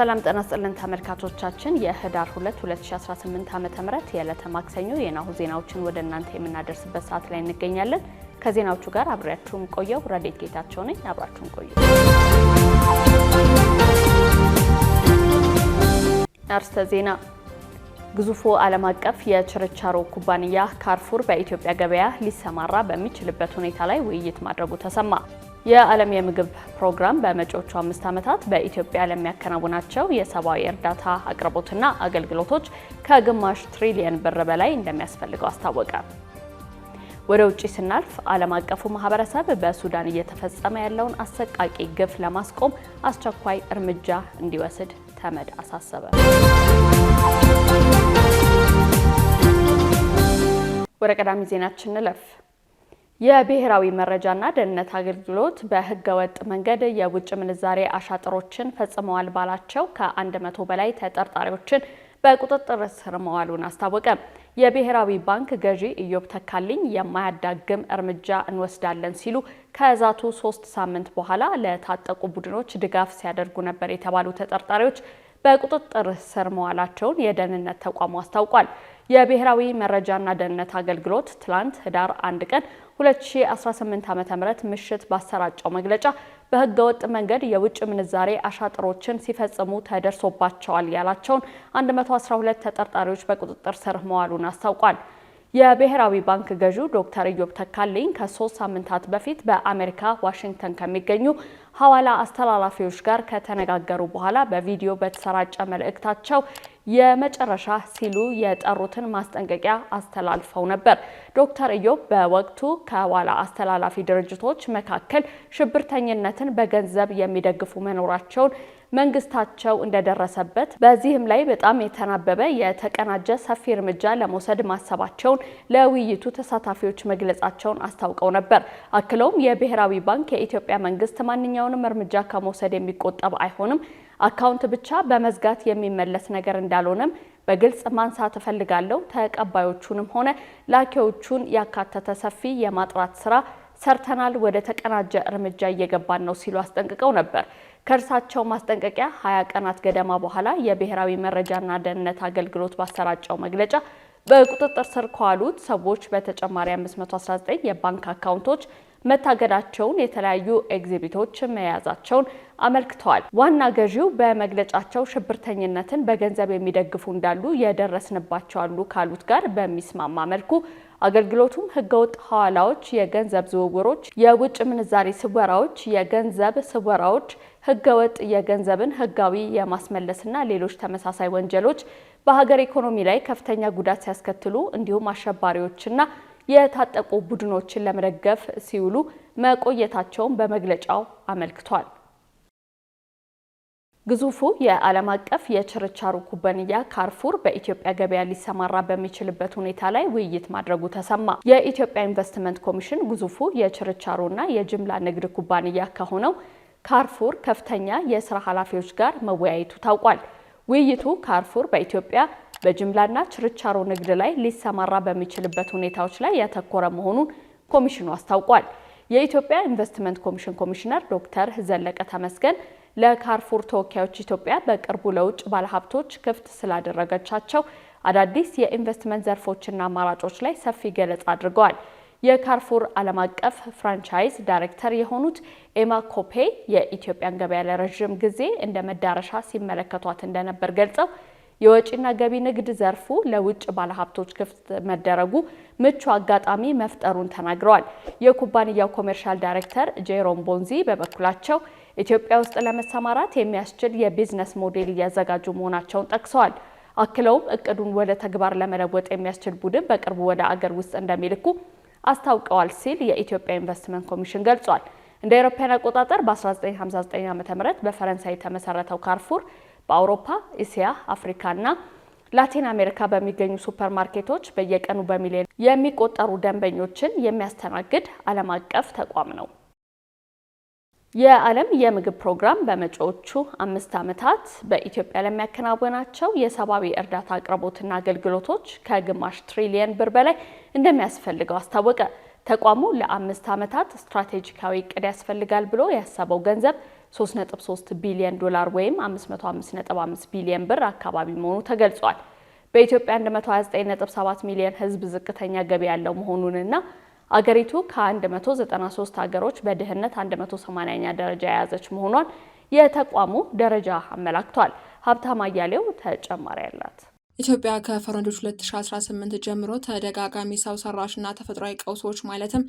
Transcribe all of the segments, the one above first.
ሰላም ጤና ይስጥልን ተመልካቾቻችን፣ የህዳር 2 2018 ዓ.ም የዕለተ ማክሰኞ የናሁ ዜናዎችን ወደ እናንተ የምናደርስበት ሰዓት ላይ እንገኛለን። ከዜናዎቹ ጋር አብሬያችሁም ቆየው ረዴት ጌታቸው ነኝ። አብራችሁም ቆዩ። አርስተ ዜና ግዙፉ ዓለም አቀፍ የችርቻሮ ኩባንያ ካርፉር በኢትዮጵያ ገበያ ሊሰማራ በሚችልበት ሁኔታ ላይ ውይይት ማድረጉ ተሰማ። የዓለም የምግብ ፕሮግራም በመጪዎቹ አምስት ዓመታት በኢትዮጵያ ለሚያከናውናቸው የሰብአዊ እርዳታ አቅርቦትና አገልግሎቶች ከግማሽ ትሪሊየን ብር በላይ እንደሚያስፈልገው አስታወቀ። ወደ ውጭ ስናልፍ ዓለም አቀፉ ማህበረሰብ በሱዳን እየተፈጸመ ያለውን አሰቃቂ ግፍ ለማስቆም አስቸኳይ እርምጃ እንዲወስድ ተመድ አሳሰበ። ወደ ቀዳሚ ዜናችን እንለፍ። የብሔራዊ መረጃና ደህንነት አገልግሎት በህገወጥ መንገድ የውጭ ምንዛሬ አሻጥሮችን ፈጽመዋል ባላቸው ከአንድ መቶ በላይ ተጠርጣሪዎችን በቁጥጥር ስር መዋሉን አስታወቀ። የብሔራዊ ባንክ ገዢ ኢዮብ ተካልኝ የማያዳግም እርምጃ እንወስዳለን ሲሉ ከዛቱ ሶስት ሳምንት በኋላ ለታጠቁ ቡድኖች ድጋፍ ሲያደርጉ ነበር የተባሉ ተጠርጣሪዎች በቁጥጥር ስር መዋላቸውን የደህንነት ተቋሙ አስታውቋል። የብሔራዊ መረጃና ደህንነት አገልግሎት ትላንት ህዳር አንድ ቀን 2018 ዓ ም ምሽት ባሰራጨው መግለጫ በህገወጥ መንገድ የውጭ ምንዛሬ አሻጥሮችን ሲፈጽሙ ተደርሶባቸዋል ያላቸውን 112 ተጠርጣሪዎች በቁጥጥር ስር መዋሉን አስታውቋል። የብሔራዊ ባንክ ገዢው ዶክተር ኢዮብ ተካልኝ ከሶስት ሳምንታት በፊት በአሜሪካ ዋሽንግተን ከሚገኙ ሐዋላ አስተላላፊዎች ጋር ከተነጋገሩ በኋላ በቪዲዮ በተሰራጨ መልእክታቸው የመጨረሻ ሲሉ የጠሩትን ማስጠንቀቂያ አስተላልፈው ነበር። ዶክተር ኢዮብ በወቅቱ ከዋላ አስተላላፊ ድርጅቶች መካከል ሽብርተኝነትን በገንዘብ የሚደግፉ መኖራቸውን መንግስታቸው እንደደረሰበት በዚህም ላይ በጣም የተናበበ የተቀናጀ ሰፊ እርምጃ ለመውሰድ ማሰባቸውን ለውይይቱ ተሳታፊዎች መግለጻቸውን አስታውቀው ነበር። አክለውም የብሔራዊ ባንክ የኢትዮጵያ መንግስት ማንኛውንም እርምጃ ከመውሰድ የሚቆጠብ አይሆንም፣ አካውንት ብቻ በመዝጋት የሚመለስ ነገር እንዳልሆነም በግልጽ ማንሳት እፈልጋለሁ። ተቀባዮቹንም ሆነ ላኪዎቹን ያካተተ ሰፊ የማጥራት ስራ ሰርተናል። ወደ ተቀናጀ እርምጃ እየገባን ነው ሲሉ አስጠንቅቀው ነበር። ከእርሳቸው ማስጠንቀቂያ ሀያ ቀናት ገደማ በኋላ የብሔራዊ መረጃና ደህንነት አገልግሎት ባሰራጨው መግለጫ በቁጥጥር ስር ከዋሉት ሰዎች በተጨማሪ 519 የባንክ አካውንቶች መታገዳቸውን የተለያዩ ኤግዚቢቶች መያዛቸውን አመልክተዋል። ዋና ገዢው በመግለጫቸው ሽብርተኝነትን በገንዘብ የሚደግፉ እንዳሉ የደረስንባቸው አሉ ካሉት ጋር በሚስማማ መልኩ አገልግሎቱም ህገወጥ ሐዋላዎች፣ የገንዘብ ዝውውሮች፣ የውጭ ምንዛሬ ስወራዎች፣ የገንዘብ ስወራዎች፣ ህገወጥ የገንዘብን ህጋዊ የማስመለስና ሌሎች ተመሳሳይ ወንጀሎች በሀገር ኢኮኖሚ ላይ ከፍተኛ ጉዳት ሲያስከትሉ እንዲሁም አሸባሪዎችና የታጠቁ ቡድኖችን ለመደገፍ ሲውሉ መቆየታቸውን በመግለጫው አመልክቷል። ግዙፉ የዓለም አቀፍ የችርቻሮ ኩባንያ ካርፉር በኢትዮጵያ ገበያ ሊሰማራ በሚችልበት ሁኔታ ላይ ውይይት ማድረጉ ተሰማ። የኢትዮጵያ ኢንቨስትመንት ኮሚሽን ግዙፉ የችርቻሮና የጅምላ ንግድ ኩባንያ ከሆነው ካርፉር ከፍተኛ የስራ ኃላፊዎች ጋር መወያየቱ ታውቋል። ውይይቱ ካርፉር በኢትዮጵያ በጅምላና ችርቻሮ ንግድ ላይ ሊሰማራ በሚችልበት ሁኔታዎች ላይ ያተኮረ መሆኑን ኮሚሽኑ አስታውቋል። የኢትዮጵያ ኢንቨስትመንት ኮሚሽን ኮሚሽነር ዶክተር ዘለቀ ተመስገን ለካርፉር ተወካዮች ኢትዮጵያ በቅርቡ ለውጭ ባለሀብቶች ክፍት ስላደረገቻቸው አዳዲስ የኢንቨስትመንት ዘርፎችና አማራጮች ላይ ሰፊ ገለጻ አድርገዋል። የካርፉር ዓለም አቀፍ ፍራንቻይዝ ዳይሬክተር የሆኑት ኤማ ኮፔ የኢትዮጵያን ገበያ ለረዥም ጊዜ እንደ መዳረሻ ሲመለከቷት እንደነበር ገልጸው የወጪና ገቢ ንግድ ዘርፉ ለውጭ ባለሀብቶች ክፍት መደረጉ ምቹ አጋጣሚ መፍጠሩን ተናግረዋል። የኩባንያው ኮሜርሻል ዳይሬክተር ጄሮም ቦንዚ በበኩላቸው ኢትዮጵያ ውስጥ ለመሰማራት የሚያስችል የቢዝነስ ሞዴል እያዘጋጁ መሆናቸውን ጠቅሰዋል። አክለውም እቅዱን ወደ ተግባር ለመለወጥ የሚያስችል ቡድን በቅርቡ ወደ አገር ውስጥ እንደሚልኩ አስታውቀዋል ሲል የኢትዮጵያ ኢንቨስትመንት ኮሚሽን ገልጿል። እንደ አውሮፓውያን አቆጣጠር በ1959 ዓ ም በፈረንሳይ የተመሰረተው ካርፉር በአውሮፓ፣ እስያ፣ አፍሪካና ላቲን አሜሪካ በሚገኙ ሱፐር ማርኬቶች በየቀኑ በሚሊዮን የሚቆጠሩ ደንበኞችን የሚያስተናግድ ዓለም አቀፍ ተቋም ነው። የዓለም የምግብ ፕሮግራም በመጪዎቹ አምስት ዓመታት በኢትዮጵያ ለሚያከናውናቸው የሰብአዊ እርዳታ አቅርቦትና አገልግሎቶች ከግማሽ ትሪሊየን ብር በላይ እንደሚያስፈልገው አስታወቀ። ተቋሙ ለአምስት ዓመታት ስትራቴጂካዊ እቅድ ያስፈልጋል ብሎ ያሰበው ገንዘብ 3.3 ቢሊዮን ዶላር ወይም 555 ቢሊዮን ብር አካባቢ መሆኑ ተገልጿል። በኢትዮጵያ 129.7 ሚሊዮን ሕዝብ ዝቅተኛ ገቢ ያለው መሆኑንና አገሪቱ ከ193 ሀገሮች በድህነት 180ኛ ደረጃ የያዘች መሆኗን የተቋሙ ደረጃ አመላክቷል። ሀብታም አያሌው ተጨማሪ አላት። ኢትዮጵያ ከፈረንጆች 2018 ጀምሮ ተደጋጋሚ ሰው ሰራሽና ተፈጥሯዊ ቀውሶች ማለትም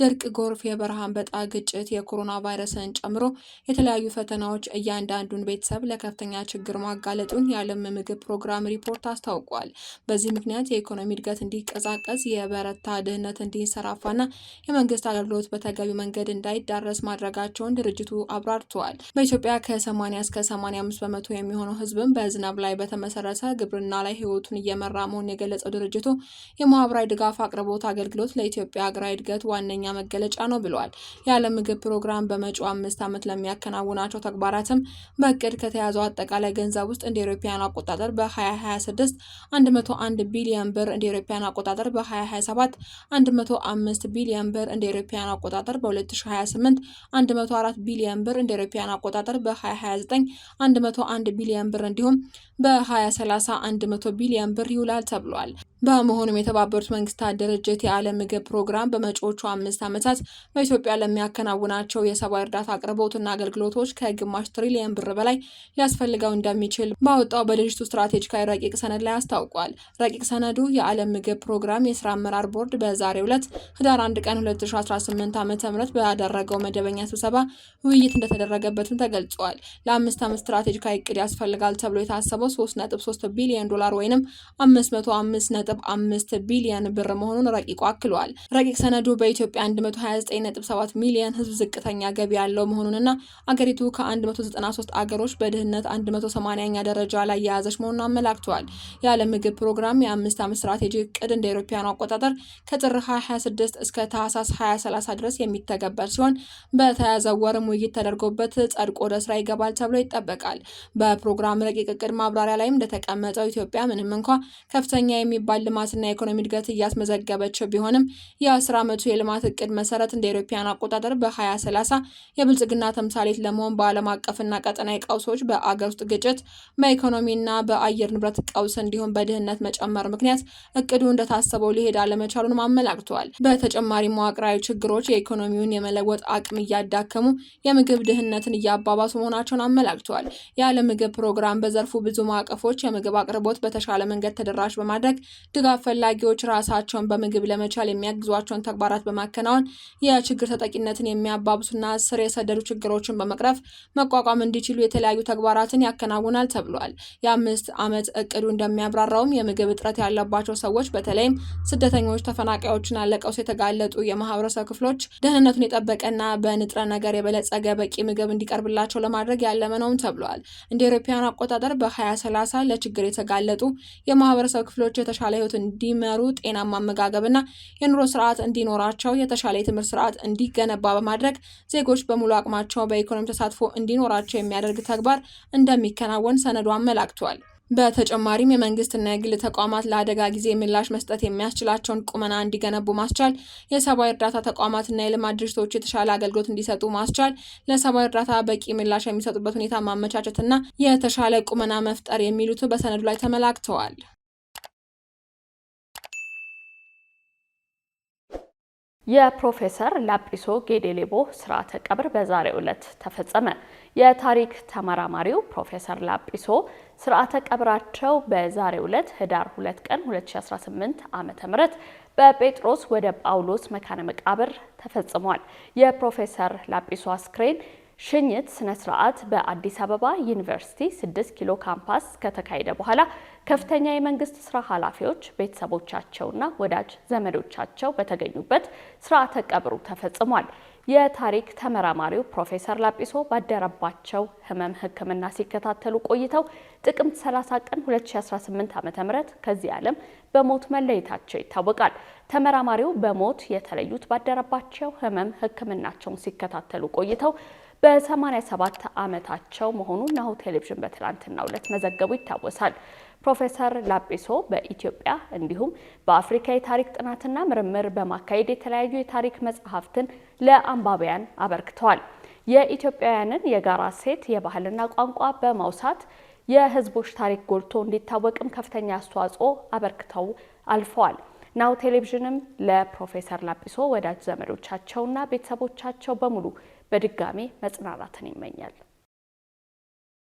ድርቅ፣ ጎርፍ፣ የበረሃ አንበጣ፣ ግጭት፣ የኮሮና ቫይረስን ጨምሮ የተለያዩ ፈተናዎች እያንዳንዱን ቤተሰብ ለከፍተኛ ችግር ማጋለጡን የዓለም ምግብ ፕሮግራም ሪፖርት አስታውቋል። በዚህ ምክንያት የኢኮኖሚ እድገት እንዲቀዛቀዝ፣ የበረታ ድህነት እንዲንሰራፋና የመንግስት አገልግሎት በተገቢ መንገድ እንዳይዳረስ ማድረጋቸውን ድርጅቱ አብራርተዋል። በኢትዮጵያ ከ80 እስከ 85 በመቶ የሚሆነው ህዝብም በዝናብ ላይ በተመሰረተ ግብርና ላይ ህይወቱን እየመራ መሆኑን የገለጸው ድርጅቱ የማህበራዊ ድጋፍ አቅርቦት አገልግሎት ለኢትዮጵያ ሀገራዊ እድገት ዋነኛ መገለጫ ነው ብለዋል። የዓለም ምግብ ፕሮግራም በመጪው አምስት ዓመት ለሚያከናውናቸው ተግባራትም በእቅድ ከተያዘው አጠቃላይ ገንዘብ ውስጥ እንደ ኤሮፓውያን አቆጣጠር በ2026 101 ቢሊዮን ብር እንደ ኤሮፓውያን አቆጣጠር በ2027 105 ቢሊዮን ብር እንደ ኤሮፓውያን አቆጣጠር በ2028 104 ቢሊዮን ብር እንደ ኤሮፓውያን አቆጣጠር በ2029 101 ቢሊዮን ብር እንዲሁም በ2030 መቶ ቢሊዮን ብር ይውላል ተብሏል። በመሆኑም የተባበሩት መንግስታት ድርጅት የዓለም ምግብ ፕሮግራም በመጪዎቹ አምስት ዓመታት በኢትዮጵያ ለሚያከናውናቸው የሰብአዊ እርዳታ አቅርቦትና አገልግሎቶች ከግማሽ ትሪሊየን ብር በላይ ሊያስፈልገው እንደሚችል ባወጣው በድርጅቱ ስትራቴጂካዊ ረቂቅ ሰነድ ላይ አስታውቋል። ረቂቅ ሰነዱ የዓለም ምግብ ፕሮግራም የስራ አመራር ቦርድ በዛሬው ዕለት ህዳር 1 ቀን 2018 ዓ ም ባደረገው መደበኛ ስብሰባ ውይይት እንደተደረገበትም ተገልጿል። ለአምስት ዓመት ስትራቴጂካዊ እቅድ ያስፈልጋል ተብሎ የታሰበው 3.3 ቢሊዮን ዶላር ወይም 505 ነጥብ አምስት ቢሊዮን ብር መሆኑን ረቂቁ አክሏል። ረቂቅ ሰነዱ በኢትዮጵያ 129.7 ሚሊዮን ህዝብ ዝቅተኛ ገቢ ያለው መሆኑንና አገሪቱ ከ193 አገሮች በድህነት 180ኛ ደረጃ ላይ የያዘች መሆኑን አመላክቷል። የዓለም ምግብ ፕሮግራም የአምስት ዓመት ስትራቴጂ እቅድ እንደ አውሮፓውያኑ አቆጣጠር ከጥር 26 እስከ ታህሳስ 2030 ድረስ የሚተገበር ሲሆን በተያዘ ወርም ውይይት ተደርጎበት ጸድቆ ወደ ስራ ይገባል ተብሎ ይጠበቃል። በፕሮግራም ረቂቅ እቅድ ማብራሪያ ላይም እንደተቀመጠው ኢትዮጵያ ምንም እንኳ ከፍተኛ የሚባል የሚባል ልማትና የኢኮኖሚ እድገት እያስመዘገበችው ቢሆንም የአስር ዓመቱ የልማት እቅድ መሰረት እንደ ኢትዮጵያን አቆጣጠር በ2030 የብልጽግና ተምሳሌት ለመሆን በዓለም አቀፍና ቀጠናዊ ቀውሶች፣ በአገር ውስጥ ግጭት፣ በኢኮኖሚና በአየር ንብረት ቀውስ እንዲሁም በድህነት መጨመር ምክንያት እቅዱ እንደታሰበው ሊሄድ አለመቻሉንም አመላክተዋል። በተጨማሪ መዋቅራዊ ችግሮች የኢኮኖሚውን የመለወጥ አቅም እያዳከሙ የምግብ ድህነትን እያባባሱ መሆናቸውን አመላክተዋል። የዓለም ምግብ ፕሮግራም በዘርፉ ብዙ ማዕቀፎች የምግብ አቅርቦት በተሻለ መንገድ ተደራሽ በማድረግ ድጋፍ ፈላጊዎች ራሳቸውን በምግብ ለመቻል የሚያግዟቸውን ተግባራት በማከናወን የችግር ተጠቂነትን የሚያባብሱና ስር የሰደዱ ችግሮችን በመቅረፍ መቋቋም እንዲችሉ የተለያዩ ተግባራትን ያከናውናል ተብሏል። የአምስት ዓመት እቅዱ እንደሚያብራራውም የምግብ እጥረት ያለባቸው ሰዎች በተለይም ስደተኞች፣ ተፈናቃዮችና ለቀውስ የተጋለጡ የማህበረሰብ ክፍሎች ደህንነቱን የጠበቀና በንጥረ ነገር የበለጸገ በቂ ምግብ እንዲቀርብላቸው ለማድረግ ያለመ ነውም ተብሏል። እንደ አውሮፓውያን አቆጣጠር በ2030 ለችግር የተጋለጡ የማህበረሰብ ክፍሎች የተሻለ ህይወት እንዲመሩ ጤናማ አመጋገብና የኑሮ ስርዓት እንዲኖራቸው የተሻለ የትምህርት ስርዓት እንዲገነባ በማድረግ ዜጎች በሙሉ አቅማቸው በኢኮኖሚ ተሳትፎ እንዲኖራቸው የሚያደርግ ተግባር እንደሚከናወን ሰነዱ አመላክቷል። በተጨማሪም የመንግስትና የግል ተቋማት ለአደጋ ጊዜ ምላሽ መስጠት የሚያስችላቸውን ቁመና እንዲገነቡ ማስቻል፣ የሰብአዊ እርዳታ ተቋማትና የልማት ድርጅቶች የተሻለ አገልግሎት እንዲሰጡ ማስቻል፣ ለሰብአዊ እርዳታ በቂ ምላሽ የሚሰጡበት ሁኔታ ማመቻቸትና የተሻለ ቁመና መፍጠር የሚሉት በሰነዱ ላይ ተመላክተዋል። የፕሮፌሰር ላጲሶ ጌዴሌቦ ስርዓተ ቀብር በዛሬው ዕለት ተፈጸመ። የታሪክ ተመራማሪው ፕሮፌሰር ላጲሶ ስርዓተ ቀብራቸው በዛሬው ዕለት ህዳር 2 ቀን 2018 ዓ.ም በጴጥሮስ ወደ ጳውሎስ መካነ መቃብር ተፈጽሟል። የፕሮፌሰር ላጲሶ አስክሬን ሽኝት ስነ ስርዓት በአዲስ አበባ ዩኒቨርሲቲ 6 ኪሎ ካምፓስ ከተካሄደ በኋላ ከፍተኛ የመንግስት ስራ ኃላፊዎች ቤተሰቦቻቸውና ወዳጅ ዘመዶቻቸው በተገኙበት ስርዓተ ቀብሩ ተፈጽሟል። የታሪክ ተመራማሪው ፕሮፌሰር ላጲሶ ባደረባቸው ህመም ሕክምና ሲከታተሉ ቆይተው ጥቅምት 30 ቀን 2018 ዓ.ም ከዚህ ዓለም በሞት መለየታቸው ይታወቃል። ተመራማሪው በሞት የተለዩት ባደረባቸው ህመም ሕክምናቸውን ሲከታተሉ ቆይተው በ87 ዓመታቸው መሆኑን ናሁ ቴሌቪዥን በትላንትናው ዕለት መዘገቡ ይታወሳል። ፕሮፌሰር ላጲሶ በኢትዮጵያ እንዲሁም በአፍሪካ የታሪክ ጥናትና ምርምር በማካሄድ የተለያዩ የታሪክ መጽሐፍትን ለአንባቢያን አበርክተዋል። የኢትዮጵያውያንን የጋራ ሴት የባህልና ቋንቋ በማውሳት የህዝቦች ታሪክ ጎልቶ እንዲታወቅም ከፍተኛ አስተዋጽኦ አበርክተው አልፈዋል። ናሁ ቴሌቪዥንም ለፕሮፌሰር ላጲሶ ወዳጅ ዘመዶቻቸውና ቤተሰቦቻቸው በሙሉ በድጋሚ መጽናናትን ይመኛል።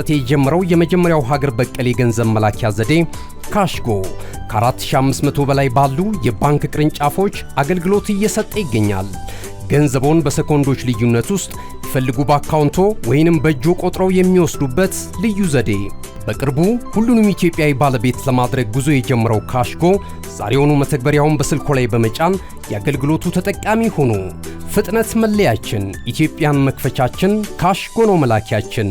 መስጠት የጀመረው የመጀመሪያው ሀገር በቀል የገንዘብ መላኪያ ዘዴ ካሽጎ ከ4500 በላይ ባሉ የባንክ ቅርንጫፎች አገልግሎት እየሰጠ ይገኛል። ገንዘቦን በሰኮንዶች ልዩነት ውስጥ ይፈልጉ በአካውንቶ ወይንም በእጆ ቆጥረው የሚወስዱበት ልዩ ዘዴ። በቅርቡ ሁሉንም ኢትዮጵያዊ ባለቤት ለማድረግ ጉዞ የጀመረው ካሽጎ ዛሬውኑ መተግበሪያውን በስልኮ ላይ በመጫን የአገልግሎቱ ተጠቃሚ ሆኑ። ፍጥነት መለያችን፣ ኢትዮጵያን መክፈቻችን፣ ካሽጎ ነው መላኪያችን።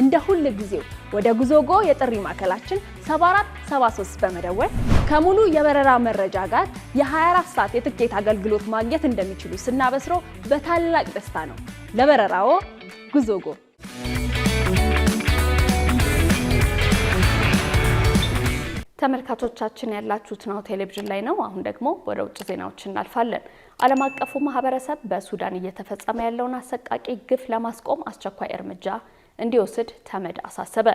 እንደ ሁል ጊዜው ወደ ጉዞጎ የጥሪ ማዕከላችን 7473 በመደወል ከሙሉ የበረራ መረጃ ጋር የ24 ሰዓት የትኬት አገልግሎት ማግኘት እንደሚችሉ ስናበስሮ በታላቅ ደስታ ነው። ለበረራዎ ጉዞጎ። ተመልካቾቻችን ያላችሁት ናሁ ቴሌቪዥን ላይ ነው። አሁን ደግሞ ወደ ውጭ ዜናዎች እናልፋለን። ዓለም አቀፉ ማህበረሰብ በሱዳን እየተፈጸመ ያለውን አሰቃቂ ግፍ ለማስቆም አስቸኳይ እርምጃ እንዲወስድ ተመድ አሳሰበ።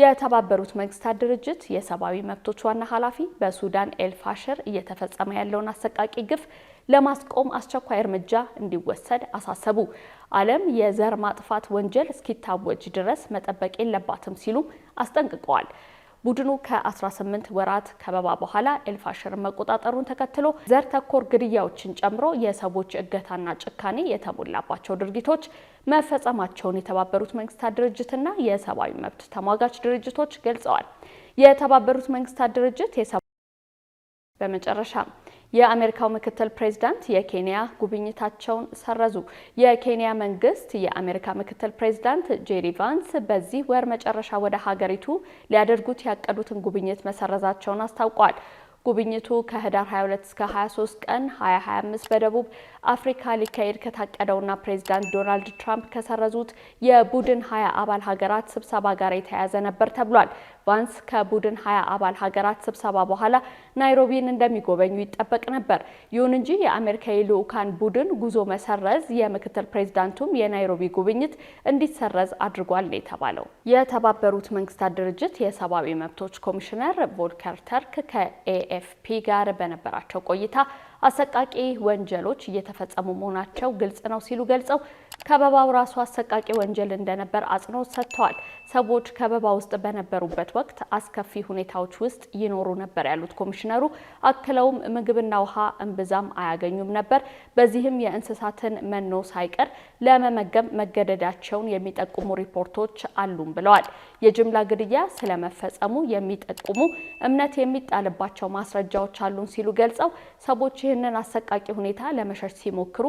የተባበሩት መንግስታት ድርጅት የሰብአዊ መብቶች ዋና ኃላፊ በሱዳን ኤልፋሽር እየተፈጸመ ያለውን አሰቃቂ ግፍ ለማስቆም አስቸኳይ እርምጃ እንዲወሰድ አሳሰቡ። ዓለም የዘር ማጥፋት ወንጀል እስኪታወጅ ድረስ መጠበቅ የለባትም ሲሉ አስጠንቅቀዋል። ቡድኑ ከ18 ወራት ከበባ በኋላ ኤልፋሽርን መቆጣጠሩን ተከትሎ ዘር ተኮር ግድያዎችን ጨምሮ የሰዎች እገታና ጭካኔ የተሞላባቸው ድርጊቶች መፈጸማቸውን የተባበሩት መንግስታት ድርጅትና የሰብአዊ መብት ተሟጋች ድርጅቶች ገልጸዋል። የተባበሩት መንግስታት ድርጅት በመጨረሻ የአሜሪካው ምክትል ፕሬዝዳንት የኬንያ ጉብኝታቸውን ሰረዙ። የኬንያ መንግስት የአሜሪካ ምክትል ፕሬዝዳንት ጄዲ ቫንስ በዚህ ወር መጨረሻ ወደ ሀገሪቱ ሊያደርጉት ያቀዱትን ጉብኝት መሰረዛቸውን አስታውቋል። ጉብኝቱ ከህዳር 22 እስከ 23 ቀን 2025 በደቡብ አፍሪካ ሊካሄድ ከታቀደውና ፕሬዚዳንት ዶናልድ ትራምፕ ከሰረዙት የቡድን ሀያ አባል ሀገራት ስብሰባ ጋር የተያያዘ ነበር ተብሏል። ቫንስ ከቡድን ሀያ አባል ሀገራት ስብሰባ በኋላ ናይሮቢን እንደሚጎበኙ ይጠበቅ ነበር። ይሁን እንጂ የአሜሪካ የልዑካን ቡድን ጉዞ መሰረዝ የምክትል ፕሬዚዳንቱም የናይሮቢ ጉብኝት እንዲሰረዝ አድርጓል የተባለው የተባበሩት መንግስታት ድርጅት የሰብአዊ መብቶች ኮሚሽነር ቮልከር ተርክ ከኤኤፍፒ ጋር በነበራቸው ቆይታ አሰቃቂ ወንጀሎች እየተፈጸሙ መሆናቸው ግልጽ ነው ሲሉ ገልጸው ከበባው ራሱ አሰቃቂ ወንጀል እንደነበር አጽንኦት ሰጥተዋል። ሰዎች ከበባ ውስጥ በነበሩበት ወቅት አስከፊ ሁኔታዎች ውስጥ ይኖሩ ነበር ያሉት ኮሚሽነሩ አክለውም ምግብና ውሃ እምብዛም አያገኙም ነበር። በዚህም የእንስሳትን መኖ ሳይቀር ለመመገብ መገደዳቸውን የሚጠቁሙ ሪፖርቶች አሉም ብለዋል። የጅምላ ግድያ ስለመፈጸሙ የሚጠቁሙ እምነት የሚጣልባቸው ማስረጃዎች አሉን ሲሉ ገልጸው ሰዎች ይህንን አሰቃቂ ሁኔታ ለመሸሽ ሲሞክሩ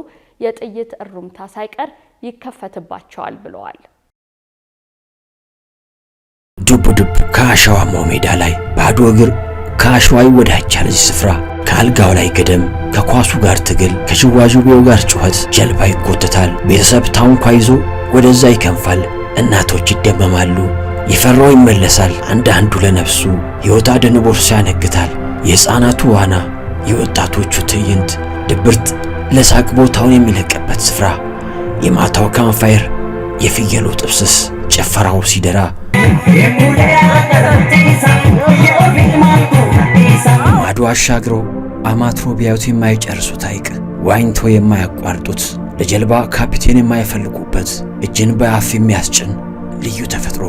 የጥይት እሩምታ ሳይቀር ይከፈትባቸዋል ብለዋል። ዱብ ዱብ ከአሸዋማው ሜዳ ላይ ባዶ እግር ከአሸዋ ይወዳጃል። እዚህ ስፍራ ከአልጋው ላይ ገደም፣ ከኳሱ ጋር ትግል፣ ከዥዋዥዌው ጋር ጩኸት፣ ጀልባ ይጎተታል። ቤተሰብ ታንኳ ይዞ ወደዛ ይከንፋል። እናቶች ይደመማሉ። የፈራው ይመለሳል፣ አንዳንዱ ለነፍሱ ሕይወት አድን ቦርሳ ያነግታል። የሕፃናቱ ዋና፣ የወጣቶቹ ትዕይንት፣ ድብርት ለሳቅ ቦታውን የሚለቅበት ስፍራ፣ የማታው ካምፋየር፣ የፍየሉ ጥብስስ፣ ጭፈራው ሲደራ ማዶ አሻግረው አማትሮ ቢያዩት የማይጨርሱት ሐይቅ፣ ዋኝቶ የማያቋርጡት ለጀልባ ካፒቴን የማይፈልጉበት እጅን በአፍ የሚያስጭን ልዩ ተፈጥሮ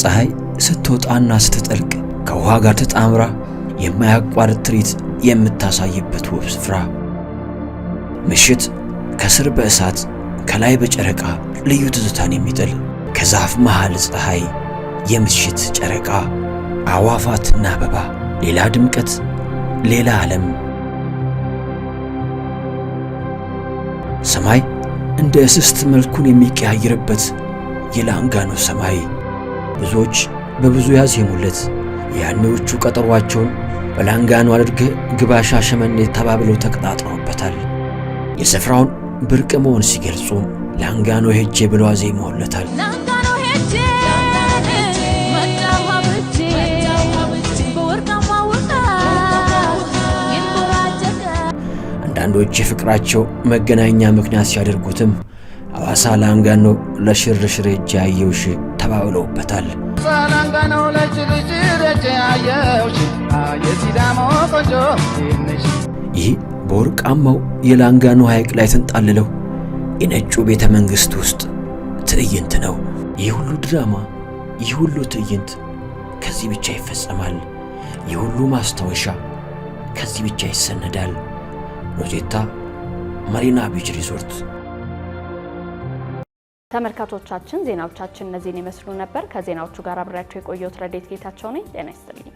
ፀሐይ ስትወጣና ስትጠልቅ ከውሃ ጋር ተጣምራ የማያቋርጥ ትርኢት የምታሳይበት ውብ ስፍራ። ምሽት ከስር በእሳት ከላይ በጨረቃ ልዩ ትዝታን የሚጥል ከዛፍ መሃል ፀሐይ፣ የምሽት ጨረቃ፣ አዋፋትና አበባ፣ ሌላ ድምቀት፣ ሌላ ዓለም። ሰማይ እንደ እስስት መልኩን የሚቀያየርበት የላንጋኖ ሰማይ ብዙዎች በብዙ ያዜሙለት። ያኔዎቹ ቀጠሯቸውን በላንጋኖ አድርገህ ግባ ሻሸመኔ ተባብለው ተቀጣጥረውበታል። የስፍራውን ብርቅ መሆን ሲገልጹ ላንጋኖ ሄጄ ብለው አዜመውለታል። አንዳንዶች የፍቅራቸው መገናኛ ምክንያት ሲያደርጉትም አዋሳ ላንጋኖ ለሽርሽር ሄጄ አየውሽ ተባብለውበታል። ይህ በወርቃማው የላንጋኖ ሐይቅ ላይ ተንጣልለው የነጩ ቤተ መንግሥት ውስጥ ትዕይንት ነው። ይህ ሁሉ ድራማ፣ ይህ ሁሉ ትዕይንት ከዚህ ብቻ ይፈጸማል። ይህ ሁሉ ማስታወሻ ከዚህ ብቻ ይሰነዳል። ሮዜታ ማሪና ቢች ሪዞርት ተመልካቾቻችን ዜናዎቻችን እነዚህን ይመስሉ ነበር። ከዜናዎቹ ጋር አብሬያቸው የቆየሁት ረዴት ጌታቸው ነኝ። ጤና ይስጥልኝ።